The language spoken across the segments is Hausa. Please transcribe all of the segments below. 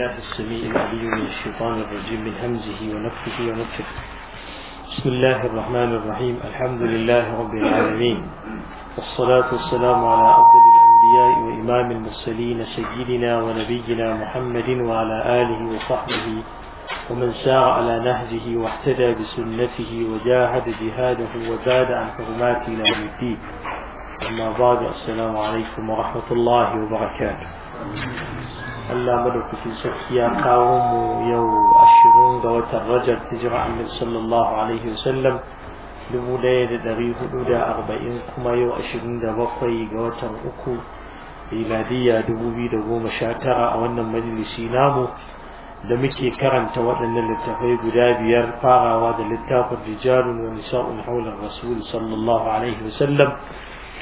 الله السميع العليم من الشيطان الرجيم من همزه ونفخه ونفخه بسم الله الرحمن الرحيم الحمد لله رب العالمين والصلاة والسلام على أفضل الأنبياء وإمام المرسلين سيدنا ونبينا محمد وعلى آله وصحبه ومن سار على نهجه واحتدى بسنته وجاهد جهاده وزاد عن حرمات إلى يوم الدين أما بعد السلام عليكم ورحمة الله وبركاته Allah madaukakin sarki ya kawo mu yau ashirin ga watan Rajab hijira Amin, sallallahu alaihi wasallam dubu ɗaya da dari hudu da arba'in kuma yau ashirin da bakwai ga watan uku Ladiya, dubu biyu da goma sha tara a wannan majalisi namu da muke karanta waɗannan littafai guda biyar farawa da littafin rijalun wa nisa'un haular rasul sallallahu alaihi wasallam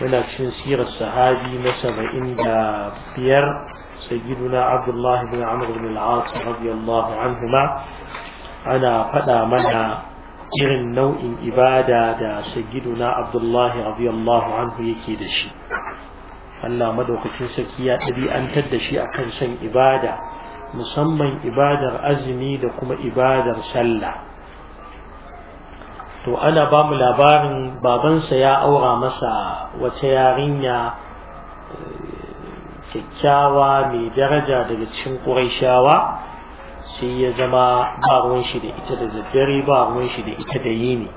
muna cikin sirar sahabi na saba'in da biyar سيدنا عبد الله بن عمرو بن العاص رضي الله عنهما أنا فدا منا إرن نوع إبادة دا سيدنا عبد الله anhu الله عنه يكيد Allah madaukakin sarki ya ɗabi'antar da shi akan son ibada musamman ibadar azumi da kuma ibadar sallah to ana ba mu labarin babansa ya aura masa wata yarinya kyakkyawa mai daraja daga cikin ƙurayshawa sai ya zama ba ruwan shi da ita da daddare ba ruwan shi da ita da yini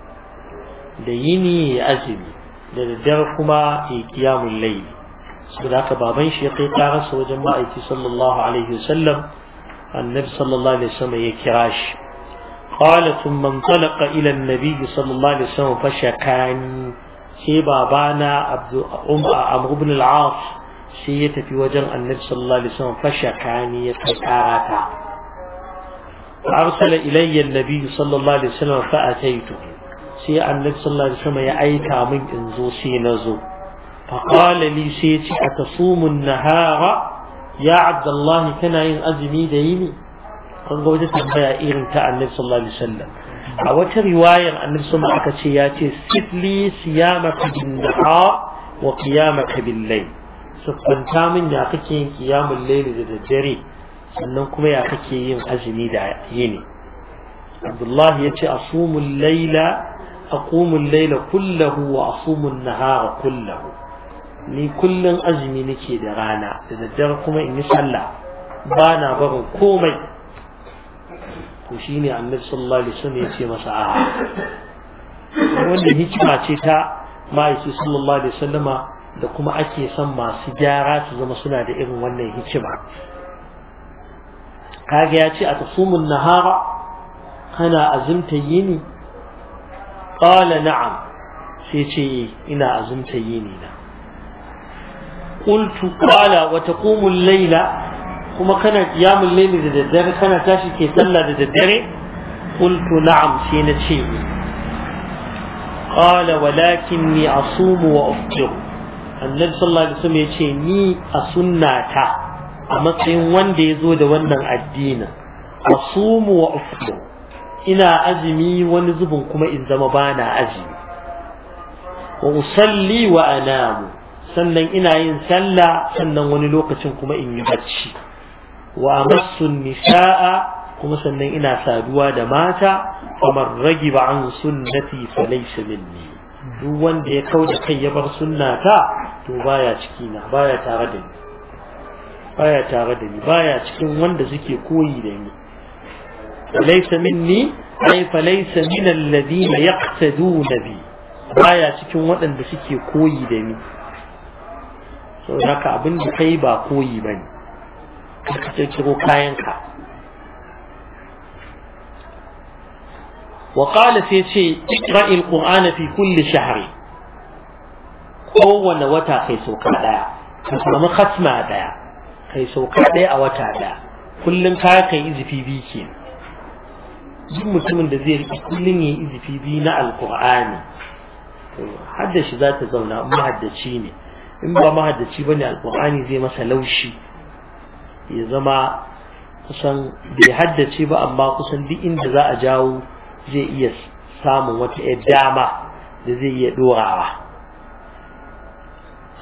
da yini ya yi azumi da daddare kuma ya kiyamun laili da aka baban shi ya kai karasa wajen ma'aiki sallallahu alaihi wasallam annabi sallallahu alaihi wasallam ya kira shi قال ثم انطلق إلى النبي صلى الله عليه وسلم فشكاني sai babana Amr ibn al-As sai ya tafi wajen annabi sallallahu alaihi wasallam fashakani ya kai karata arsala ilayya annabi sallallahu alaihi wasallam fa ataitu sai annabi sallallahu alaihi wasallam ya aika min in zo sai na zo fa qala li sai ya ce atasumu an-nahara ya abdullahi kana yin azumi da yini kun ga wata tambaya irin ta annabi sallallahu alaihi wasallam a wata riwayar annabi sama aka ce ya ce sifli siyamaka bin nahar wa qiyamaka bil layl siffanta min ya kake yin kiyamun laili da daddare sannan kuma ya kake yin azumi da yini abdullahi ya ce asumul laila aqumul laila kullahu wa asumun nahara kullahu ni kullum azumi nake da rana da daddare kuma in yi sallah ba na barin komai to shine annabi sallallahu alaihi wasallam ya ce masa a wannan hikima ce ta ma'aiki sallallahu alaihi wasallama da kuma ake son masu gyara su zama suna da irin wannan hikima kaga ya ce a tasumun nahara kana azumta yini qala na'am sai ce ina azumta yini na qultu qala wa taqumu layla kuma kana qiyamul layli da daddare kana tashi ke sallah da daddare qultu na'am sai na ce qala walakinni asumu wa afṭiru annabi sallallahu alaihi wasallam yace ni a sunnata a matsayin wanda ya zo da wannan addinin asumu wa ufdu ina azumi wani zubin kuma in zama bana azumi wa usalli wa anamu sannan ina yin sallah sannan wani lokacin kuma in yi bacci wa amassu nisaa kuma sannan ina saduwa da mata kamar ba an sunnati fa laysa minni duk wanda ya kauda kai ya bar sunnata to baya ciki na baya tare da ni baya tare da ni baya cikin wanda suke koyi da ni laysa minni ay fa laysa min alladhina yaqtaduna bi baya cikin waɗanda suke koyi da ni saboda haka abin da kai ba koyi bane ka kiro kayanka وقال سيتي اقرأ القرآن في كل شهر kowane wata kai sauka daya ka samu khatma daya kai sauka daya a wata daya kullun ka kai izifi biyu ke duk mutumin da zai riƙe kullun yayi izifi biyu na alqur'ani haddashi za ta zauna mahaddaci ne in ba mahaddaci ne alqur'ani zai masa laushi ya zama kusan bai haddace ba amma kusan duk inda za a jawo zai iya samun wata dama da zai iya ɗorawa.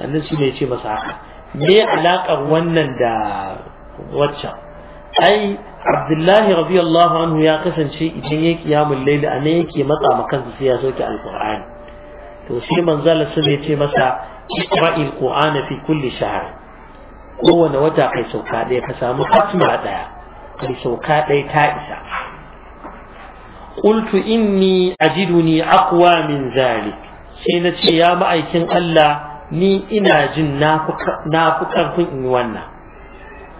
annabi shi ne ya ce masa haka me alaƙar wannan da waccan ai abdullahi radiyallahu anhu ya kasance idan ya kiyamun laili a nan yake matsa ma kansa sai ya soke alqur'ani to shi manzala sun ya ce masa iqra'il qur'ana fi kulli shahr kowane wata kai sauka ɗaya ka samu fatima ɗaya kai sauka ɗaya ta isa qultu inni ajiduni aqwa min zalik sai na ce ya aikin Allah ni ina jin na fi karfin in yi wannan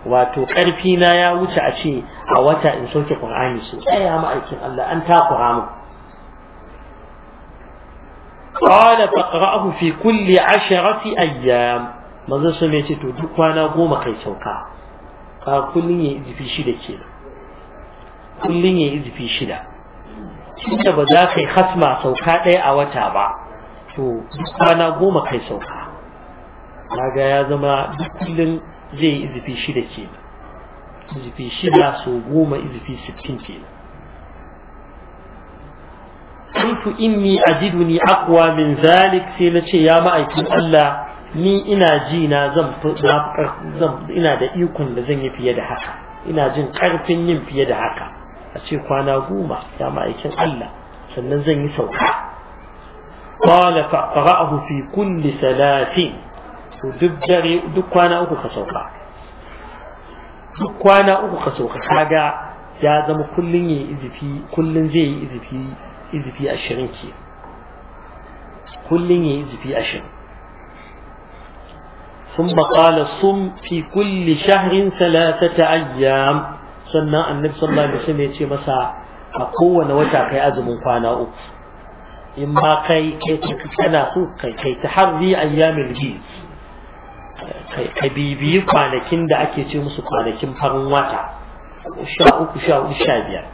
wato karfi na ya wuce a ce a wata in soke qur'ani su. tsaya ma'aikin Allah an takura mu qala faqra'ahu fi kulli asharati ayyam manzo su mai ce to duk kwana goma kai sauka ka kullum ya izifi shida ke, kullum ya izifi shida tunda ba za ka yi hasma sauka ɗaya a wata ba to duk kwana goma kai sauka kaga ya zama kullum zai yi izifi shida ke izifi shida so goma izifi sittin ke kuntu inni ajiduni aqwa min zalik sai na ce ya ma'aikin Allah ni ina ji na zan ina da ikon da zan yi fiye da haka ina jin karfin yin fiye da haka a ce kwana goma ya ma'aikin Allah sannan zan yi sauka قال فقرأه في كل ثلاثين to duk dare duk kwana uku ka sauka duk kwana uku ka sauka kaga ya zama kullun yi izifi kullun zai yi izifi izifi ashirin ke kullun yi izifi ashirin ثم قال صم في كل شهر ثلاثة أيام سنة النبي صلى الله عليه وسلم يتي مسا أقوى نوتا كي أزم فانا أوك إما كي كي كي كي كي تحري أيام الجيز ka bibiyi kwanakin da ake ce musu kwanakin farin wata sha uku sha uku sha biyar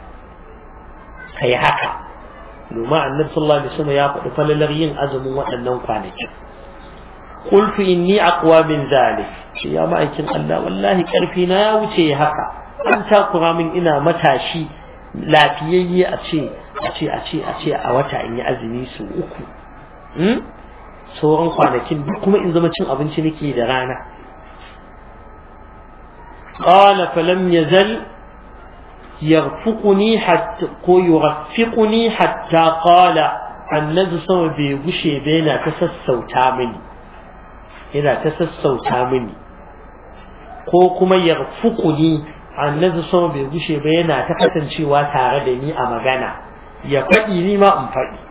ka yi haka domin annabi sallallahu alaihi wasallam ya faɗi falalar yin azumin waɗannan kwanakin qultu inni aqwa min zalik shi ya ma'aikin Allah wallahi ƙarfi na ya wuce ya haka an takura min ina matashi lafiyayye a ce a ce a ce a ce a wata in yi azumi su uku hmm? sauran kwanakin duk kuma in zama cin abinci nake da rana qala falam yazal yarfuquni hatta ko yuraffiquni hatta qala annabi sama bai gushe yana ta sassauta mini yana ta sassauta mini ko kuma yarfuquni annabi sama bai gushe ba yana ta kasancewa tare da ni a magana ya faɗi ni ma in faɗi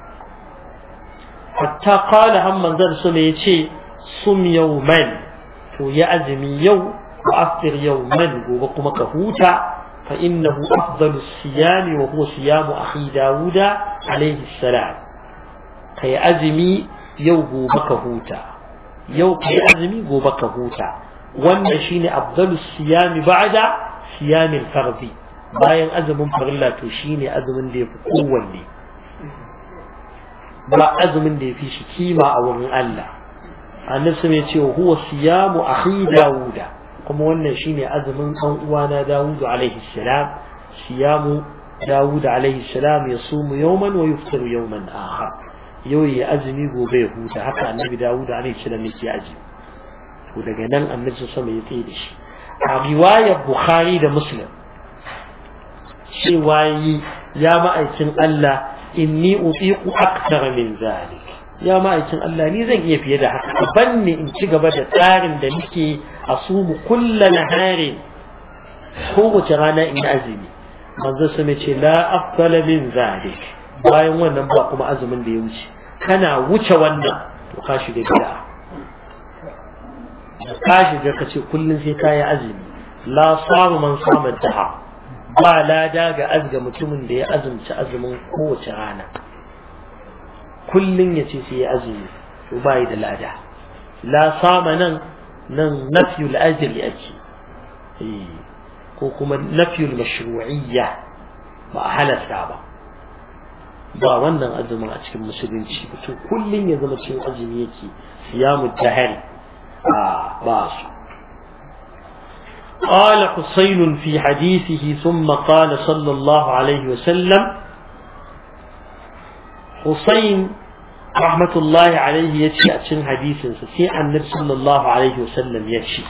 hatta qala han manzon su ne yace sum yawman to ya azumi yau wa aftir yawman gobe kuma ka huta fa innahu afdalu siyami wa huwa siyamu akhi dawuda alayhi salam kai azumi yau gobe ka huta yau kai azumi gobe ka huta wannan shine afdalu siyami ba'da siyamin fardi bayan azumin farilla to shine azumin da yafi kowanne ba azumin da ya fi shi kima a wurin Allah annabi ya ce huwa siyamu akhi dawuda kuma wannan shine azumin dan uwana dawudu alaihi salam siyamu dawud alaihi salam yasumu yawman wa yuftiru yawman akhar yau ya azumi gobe ya huta haka annabi dawud alaihi salam yake aji to daga nan annabi sama ya tsaye da shi a riwayar bukhari da muslim cewa yi ya ma'aikin Allah inni utiqu akthar min zalik ya ma'aikin Allah ni zan iya fiye da haka Ban ne in ci gaba da tsarin da nake asumu kulla naharin kowace rana in azumi manzo su ce la afdal min zalik bayan wannan ba kuma azumin da ya wuce kana wuce wannan to ka shiga bid'a ka shiga ka ce kullun sai ka yi azumi la samu man sama daha ba lada ga azga mutumin da ya azumta azumin kowace rana kullun yace sai ya azumi to bai da lada la sama nan nan nafyul ajli ake ko kuma nafyul mashru'iyya ba a halatta ba ba wannan azumi a cikin musulunci to kullun ya zama cikin azumi yake siyamu dahari a ba قال حسين في حديثه ثم قال صلى الله عليه وسلم حسين رحمة الله عليه يتشي أتشن حديثا سي النبي صلى الله عليه وسلم يتشي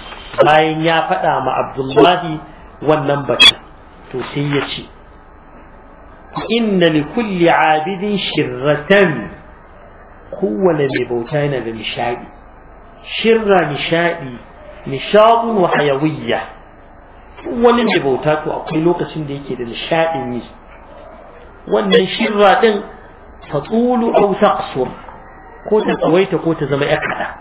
باين يا فتا مع عبد الله والنبك توسي يتشي إن لكل عابد شرة هو الذي بمشاعي شرة مشاعي نشاط وحيوية wani mai bauta to akwai lokacin da yake da nishaɗin yi wannan shirra ɗin ta tsulu au taqsur ko ta tsawaita ko ta zama yakada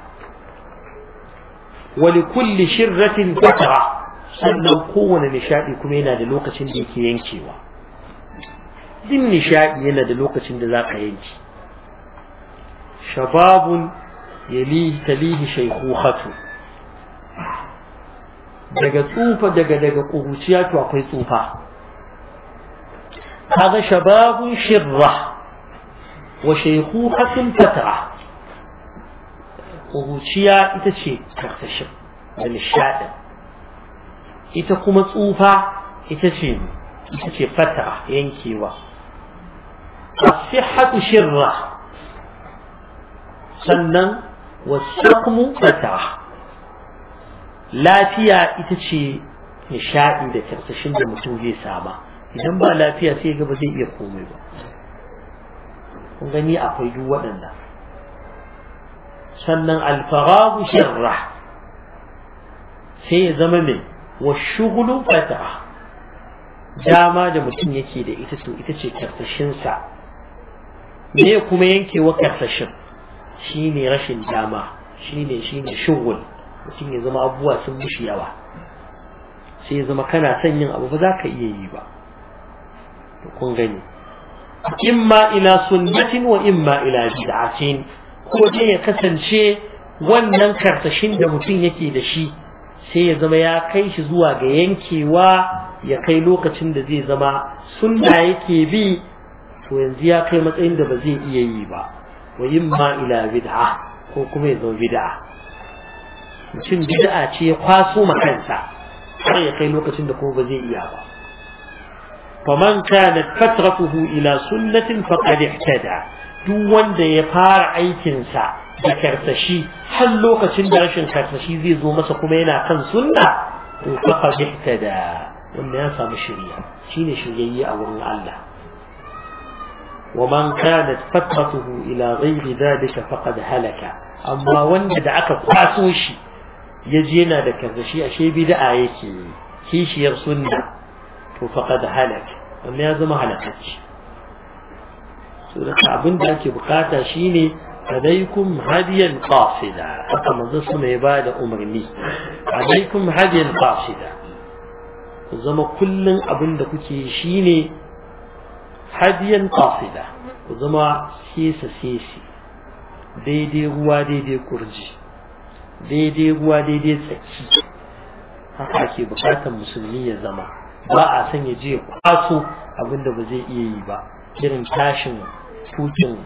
wani kulli shirratin fatara sannan kowane nishaɗi kuma yana da lokacin da yake yankewa din nishaɗi yana da lokacin da za ka yanki shababun yali talihi shaykhukhatu daga tsufa daga daga ƙuruciya to akwai tsufa kaga shababun shirra wa shaykhu shaykhuhatun fatra ƙuruciya ita ce karkashin da nishaɗin ita kuma tsufa ita ce ita ce fatra yankewa as-sihhatu shirra sannan wasu kuma fatra lafiya ita ce nishaɗi da tarsashin da mutum zai sama idan ba lafiya sai gaba zai iya komai ba kun gani akwai duk waɗannan sannan alfarahu shirra sai ya zama mai wa shugulu fata dama da mutum yake da ita to ita ce karsashinsa me kuma yankewa karsashin shine rashin dama shine shine shugul mutum ya zama abubuwa sun mushi yawa sai ya zama kana son yin abu ba za ka iya yi ba to kun gani imma ila sunnatin wa imma ila bid'atin ko dai ya kasance wannan kartashin da mutum yake da shi sai ya zama ya kai shi zuwa ga yankewa ya kai lokacin da zai zama sunna yake bi to yanzu ya kai matsayin da ba zai iya yi ba wa imma ila bid'a ko kuma ya zama bid'a mutum bid'a ce ya kwaso ma kansa ya kai lokacin da kuma ba zai iya ba faman kanat fatratuhu ila sunnatin faqad ihtada duk wanda ya fara aikin sa da karsashi har lokacin da rashin karsashi zai zo masa kuma yana kan sunna to faqad ihtada wanda ya samu shirya shine shiryayye a wurin Allah ومن كانت فترته إلى غير ذلك فقد هلك أما aka kwaso قاسوشي ya je yana da karzashi ashe bid'a yake yi kishiyar sunna to faqad halak amma ya zama halakacci so da abin da ake bukata shine alaikum hadiyan qasida haka manzo su mai ba da umarni alaikum hadiyan qasida ku zama kullun abin da kuke shine hadiyan qasida ku zama sisa sisi daidai ruwa daidai kurji daidai ruwa daidai tsaki haka ke bukatar musulmi ya zama ba a san ya je kwaso abinda ba zai iya yi ba irin tashin kukin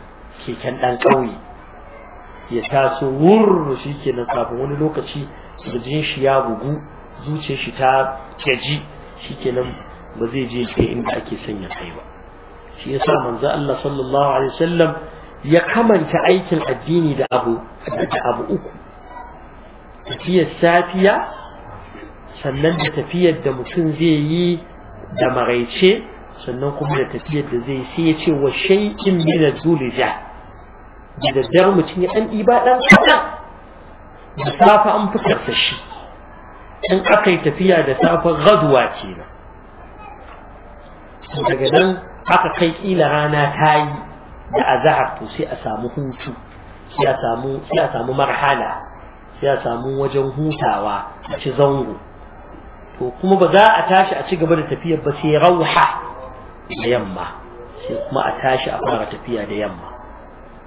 keken ɗan ƙauye ya taso wurru shi ke na kafin wani lokaci kirjin shi ya bugu zuce shi ta gaji shi ke nan ba zai je kai inda ake son ya kai ba shi ya yasa manzo Allah sallallahu alaihi wasallam ya kamanta aikin addini da abu da abu uku tafiyar safiya sannan da tafiyar da mutum zai yi da maraice sannan kuma da tafiyar da zai sai ya ce wa shay'in min az-zulja da daddar mutum ya dan iba dan kadan da safa an fitar da shi in aka yi tafiya da safa gaduwa kenan daga nan aka kai kila rana ta yi da azahar to sai a samu hutu sai a samu sai a samu marhala ya samu wajen hutawa a ci zango to kuma ba za a tashi a ci gaba da tafiyar ba sai rauha da yamma sai kuma a tashi a fara tafiya da yamma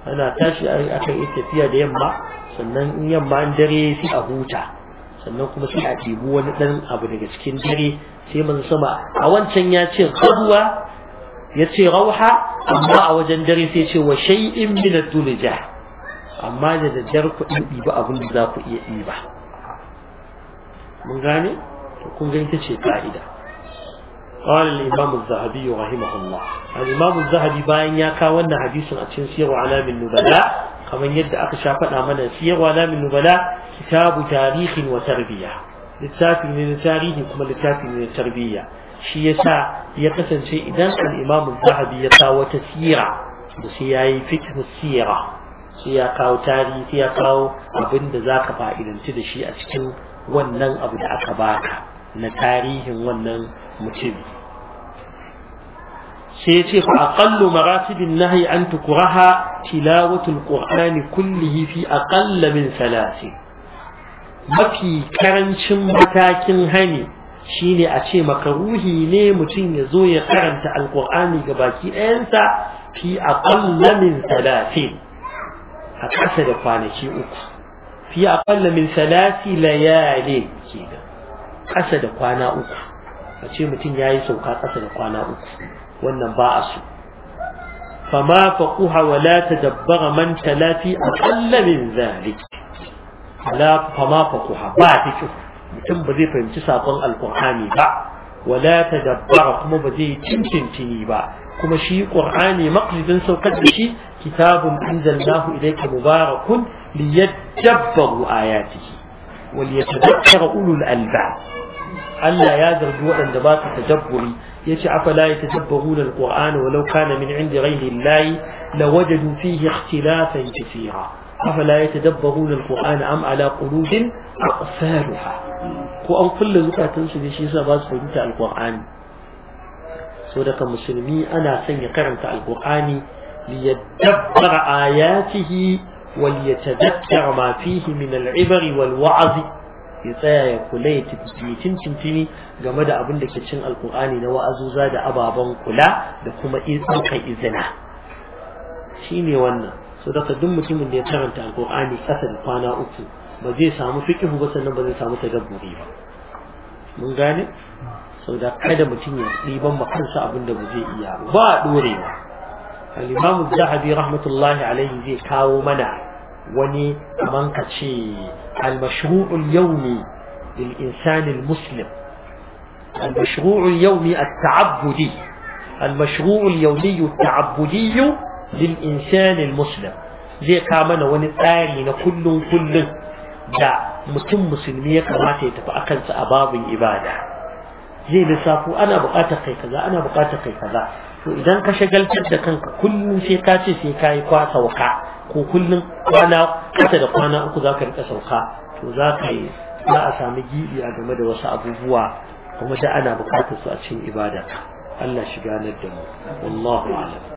ana tashi aka yi tafiya da yamma sannan in yamma an dare sai a huta sannan kuma sai a ɗibi wani ɗan abu daga cikin dare sai mun sama a wancan ya ce gaduwa ya ce rauha amma a wajen dare sai ce wa shay'in min ad-dulja amma da daddare ku ɗiba abin da za ku iya ɗiba mun gane to kun ga ita ce ka'ida قال الإمام الذهبي رحمه الله الإمام الذهبي باين يا كاونا حديث أتشن سير علام النبلاء كما يد أقشى mana سير علام النبلاء كتاب تاريخ وتربية littafi ne na tarihi kuma littafi ne na tarbiyya shi yasa ya kasance idan al-Imam ya sa wata sira da sai yayi fiqh sai ya kawo tarihi sai ya kawo abin da za ka fa'idanci da shi a cikin wannan abu da aka baka na tarihin wannan mutum sai ya ce aqallu maratibin nahyi an tukraha tilawatul qur'ani kullihi fi aqall min salasi mafi karancin matakin hani shine a ce makaruhi ne mutum ya zo ya karanta alqur'ani ga baki ɗayansa fi a min salasin a ƙasa da kwanaki uku fi aqalla min salati layalin kenan ƙasa da kwana uku a ce mutum yayi sauka ƙasa da kwana uku wannan ba a so فما فقوها ولا a من تلافي أقل من ذلك لا فما فقوها باتك mutum ba zai fahimci sakon alkur'ani ba wala tadabbara kuma ba zai cincintini ba kuma shi ƙur'ani maqsidin saukar da shi kitabun anzalnahu ilayka mubarakun liyadabbaru ya wa liyatadakkara ulul alba Allah ya zargi waɗanda ba su tadabburi yace afala yatadabbaruna Wa lauka na min indi ghayri llahi lawajadu fihi ikhtilafan kathira afala yatadabbaruna alqur'ana am ala qulubin aqfalha ko an kulle zukatansu ne shi yasa ba su fahimta alqur'ani سورك مسلمي أنا سنة قرنت القراني ليدبر آياته وليتذكر ما فيه من العبر والوعظ يتايا يقولي تبسي تنتم تني قمد أبن لك تشن القرآن نوأزو زاد أبا بن قلا لكم إذنك إذنا شيني وانا سورك دم تيم اللي قرنت القرآن أثر قانا أكو بزي سامو فكه بسنن بزي سامو تقبوري من قاني saboda kada mutum ya ɗiban ma kansa abin da ba zai iya ba a ɗorewa al-imamu zahabi rahmatullahi alaihi zai kawo mana wani kaman ka ce al-mashru'ul yawmi lil insani al-muslim al-mashru'ul yawmi at-ta'abbudi al-mashru'ul yawmi at-ta'abbudi lil insani al-muslim zai kawo mana wani tsari na kullun kullun da mutum musulmi ya kamata ya tafi akansa a babin ibada zai lissafo ana buƙatar kai kaza ana buƙatar kai kaza to idan ka shagaltar da kanka kullum sai ka ce sai ka yi kwa sauka ko kullum kwana kasa da kwana uku za ka rika sauka to za ka yi za a sami gibi a game da wasu abubuwa kuma da ana buƙatar su a cikin ibada Allah shiganar da mu wallahu a'lam